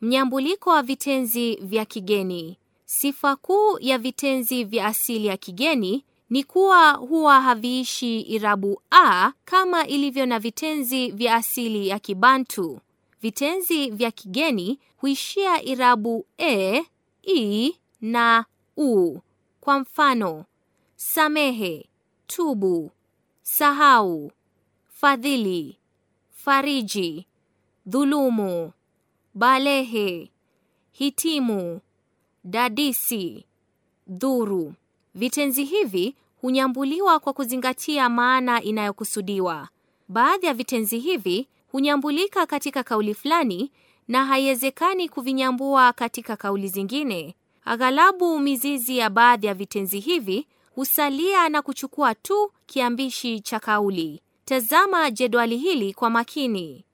Mnyambuliko wa vitenzi vya kigeni. Sifa kuu ya vitenzi vya asili ya kigeni ni kuwa huwa haviishi irabu a kama ilivyo na vitenzi vya asili ya Kibantu. Vitenzi vya kigeni huishia irabu e, i na u. Kwa mfano, samehe, tubu, sahau, fadhili, fariji, dhulumu balehe, hitimu, dadisi, dhuru. Vitenzi hivi hunyambuliwa kwa kuzingatia maana inayokusudiwa. Baadhi ya vitenzi hivi hunyambulika katika kauli fulani na haiwezekani kuvinyambua katika kauli zingine. Aghalabu mizizi ya baadhi ya vitenzi hivi husalia na kuchukua tu kiambishi cha kauli. Tazama jedwali hili kwa makini.